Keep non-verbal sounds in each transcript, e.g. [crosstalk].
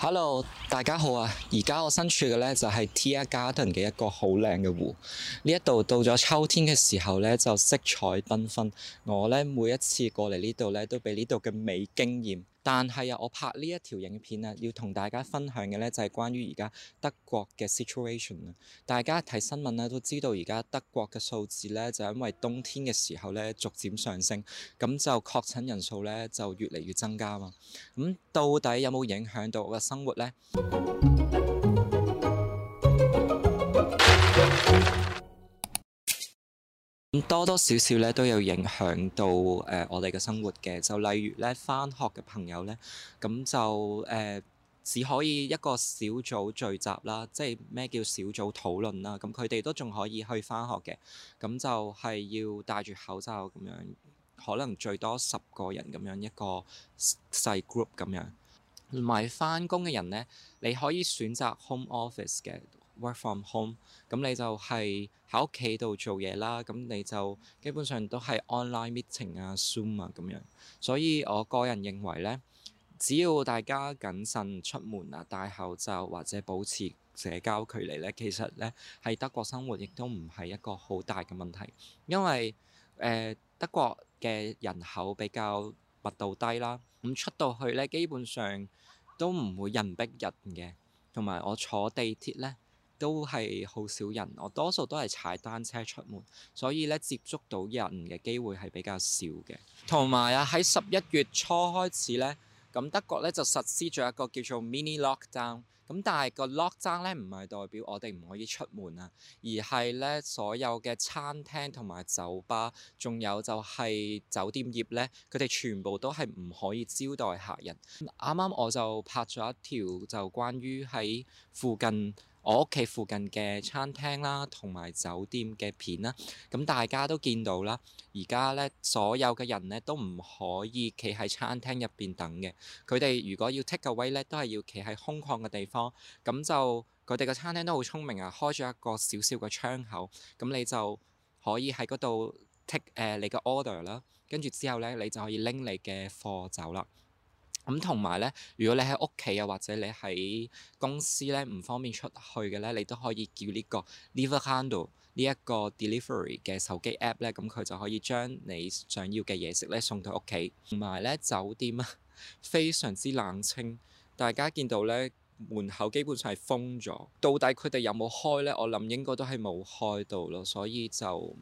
Hello，大家好啊！而家我身處嘅咧就係 Tia Garden 嘅一個好靚嘅湖，呢一度到咗秋天嘅時候咧就色彩繽紛。我咧每一次過嚟呢度咧都俾呢度嘅美驚艷。但係啊，我拍呢一條影片呢，要同大家分享嘅呢就係、是、關於而家德國嘅 situation 啦。大家睇新聞呢都知道，而家德國嘅數字呢，就因為冬天嘅時候呢逐漸上升，咁就確診人數呢就越嚟越增加嘛。咁、嗯、到底有冇影響到我嘅生活呢？ [music] 多多少少咧都有影響到誒、呃、我哋嘅生活嘅，就例如咧返學嘅朋友咧，咁就誒、呃、只可以一個小組聚集啦，即係咩叫小組討論啦，咁佢哋都仲可以去返學嘅，咁就係要戴住口罩咁樣，可能最多十個人咁樣一個細 group 咁樣，同埋返工嘅人咧，你可以選擇 home office 嘅。work from home，咁你就係喺屋企度做嘢啦，咁你就基本上都係 online meeting、Zoom、啊、Zoom 啊咁樣。所以我個人認為呢，只要大家謹慎出門啊、戴口罩或者保持社交距離呢，其實呢喺德國生活亦都唔係一個好大嘅問題，因為誒、呃、德國嘅人口比較密度低啦，咁出到去呢，基本上都唔會人逼人嘅，同埋我坐地鐵呢。都係好少人，我多數都係踩單車出門，所以咧接觸到人嘅機會係比較少嘅。同埋啊，喺十一月初開始咧，咁德國咧就實施咗一個叫做 mini lockdown。咁但係個 lockdown 咧唔係代表我哋唔可以出門啊，而係咧所有嘅餐廳同埋酒吧，仲有就係酒店業咧，佢哋全部都係唔可以招待客人。啱啱我就拍咗一條就關於喺附近。我屋企附近嘅餐廳啦，同埋酒店嘅片啦，咁大家都見到啦。而家呢，所有嘅人呢都唔可以企喺餐廳入邊等嘅。佢哋如果要 take away 呢，都係要企喺空曠嘅地方。咁就佢哋個餐廳都好聰明啊，開咗一個少少嘅窗口，咁你就可以喺嗰度 take 誒、呃、你嘅 order 啦。跟住之後呢，你就可以拎你嘅貨走啦。咁同埋呢，如果你喺屋企啊，或者你喺公司呢，唔方便出去嘅呢，你都可以叫個 ando，個呢個 lever handle 呢一個 delivery 嘅手機 app 咧，咁、嗯、佢就可以將你想要嘅嘢食呢送到屋企。同埋呢，酒店啊，非常之冷清，大家見到呢，門口基本上係封咗，到底佢哋有冇開呢？我諗應該都係冇開到咯，所以就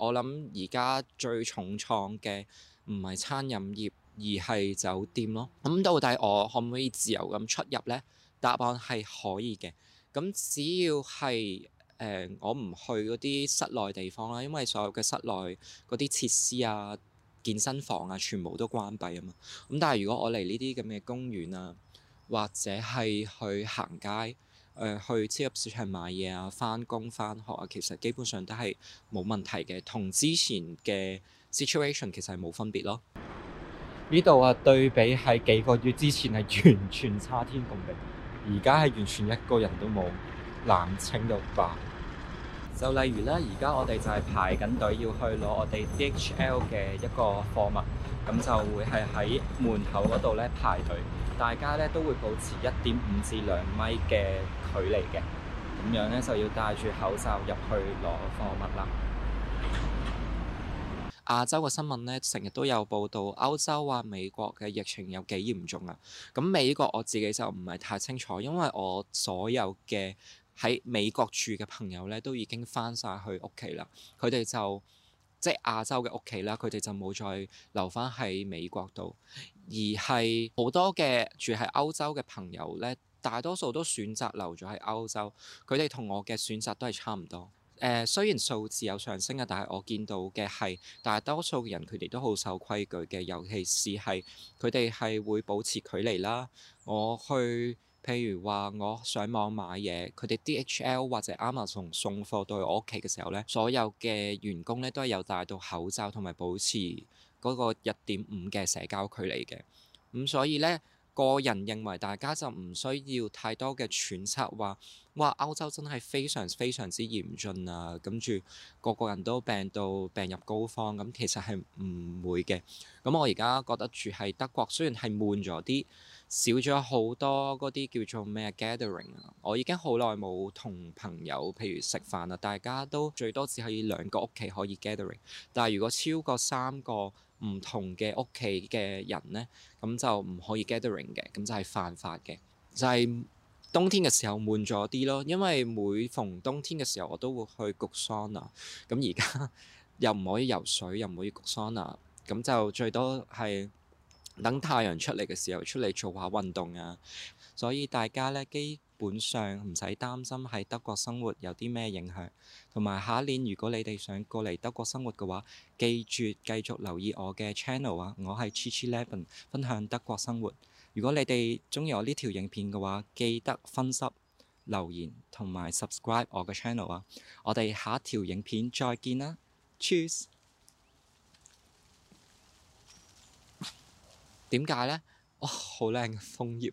我諗而家最重創嘅唔係餐飲業而係酒店咯，咁到底我可唔可以自由咁出入呢？答案係可以嘅。咁只要係誒、呃、我唔去嗰啲室內地方啦，因為所有嘅室內嗰啲設施啊、健身房啊，全部都關閉啊嘛。咁但係如果我嚟呢啲咁嘅公園啊，或者係去行街、誒、呃、去超級市場買嘢啊、返工返學啊，其實基本上都係冇問題嘅，同之前嘅 situation 其實係冇分別咯。呢度啊，對比喺幾個月之前係完全差天共地，而家係完全一個人都冇，冷清到爆。就例如咧，而家我哋就係排緊隊要去攞我哋 DHL 嘅一個貨物，咁就會係喺門口嗰度咧排隊，大家咧都會保持一點五至兩米嘅距離嘅，咁樣咧就要戴住口罩入去攞貨物啦。亞洲嘅新聞咧，成日都有報道歐洲啊、美國嘅疫情有幾嚴重啊。咁美國我自己就唔係太清楚，因為我所有嘅喺美國住嘅朋友咧，都已經返晒去屋企啦。佢哋就即係、就是、亞洲嘅屋企啦，佢哋就冇再留返喺美國度，而係好多嘅住喺歐洲嘅朋友咧，大多數都選擇留咗喺歐洲。佢哋同我嘅選擇都係差唔多。誒、呃、雖然數字有上升啊，但係我見到嘅係大多數人佢哋都好守規矩嘅，尤其是係佢哋係會保持距離啦。我去譬如話我上網買嘢，佢哋 DHL 或者 Amazon 送貨到我屋企嘅時候呢，所有嘅員工咧都係有戴到口罩，同埋保持嗰個一點五嘅社交距離嘅。咁、嗯、所以呢。個人認為，大家就唔需要太多嘅揣測，話話歐洲真係非常非常之嚴峻啊！跟住個個人都病到病入膏肓，咁、嗯、其實係唔會嘅。咁、嗯、我而家覺得住喺德國，雖然係悶咗啲，少咗好多嗰啲叫做咩 gathering 啊，我已經好耐冇同朋友譬如食飯啦，大家都最多只可以兩個屋企可以 gathering，但係如果超過三個。唔同嘅屋企嘅人呢，咁就唔可以 gathering 嘅，咁就係犯法嘅。就係冬天嘅時候悶咗啲咯，因為每逢冬天嘅時候我都會去焗桑拿。咁而家又唔可以游水，又唔可以焗桑拿。咁就最多係等太陽出嚟嘅時候出嚟做下運動啊。所以大家呢，基本上唔使擔心喺德國生活有啲咩影響，同埋下一年如果你哋想過嚟德國生活嘅話，記住繼續留意我嘅 channel 啊！我係 C C Eleven 分享德國生活。如果你哋中意我呢條影片嘅話，記得分享、留言同埋 subscribe 我嘅 channel 啊！我哋下一條影片再見啦，Cheers！點解呢？哇、哦，好靚嘅楓葉。